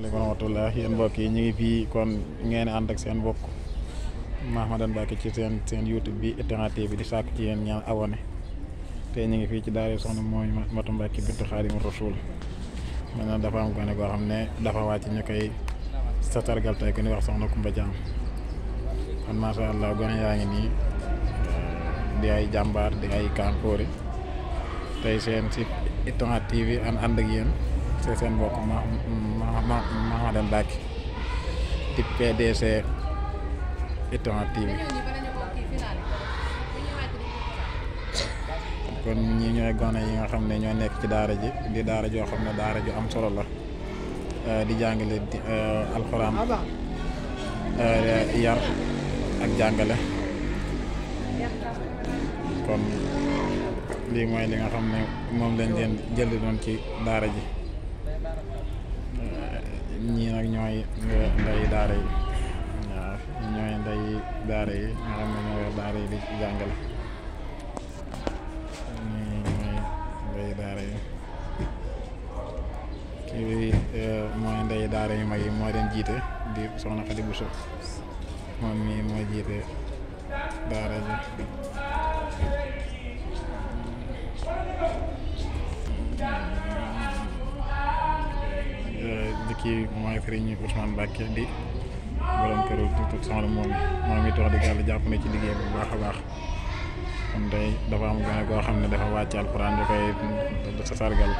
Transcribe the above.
maaleykum wa rahmatulah yéen yi ngi kon ngeen ànd ak seen mbokk Mahmadan Mbacké ci seen seen YouTube bi TV bi di sàkk ci yéen ñaan abonné te ñu ngi fii ci daara soxna mooy bintu man dafa am gone goo dafa wàcc ñu koy sa sargal ni wax soxna Kumba Jaam kon macha allah gone yaa ngi di ay di ay seen TV an ànd ak see seen mbokk ma ma Mahmadan Mbacké di PDC Ithima TV kon ñi ñooy gone yi nga xam ne ñoo nekk ci daara ji di daara joo xam ne daara ju am solo la eh, di jàngale eh, alxuraan ah eh, yar ak jàngale kon lii mooy li nga xam ne moom lañ leen jëli doon ci daara ji ñii nag ñooy ndeyu daara yi waaw ñooy ndeyu daara yi nga xam ne ñooy daara yi di jàngal ma ñooy ndeyu daara yi kii mooy ndeyu daara yu mag yi moo leen jiite di soxna Xadi Buso moom mii moo jiite daara kii mooy Serigne Ousmane Mbacke di borom këru tout soxna moom moom it jàpp na ci liggéey bu baax a baax kon dafa am goo xam ne dafa wàcc alxuraan da koy sa sargal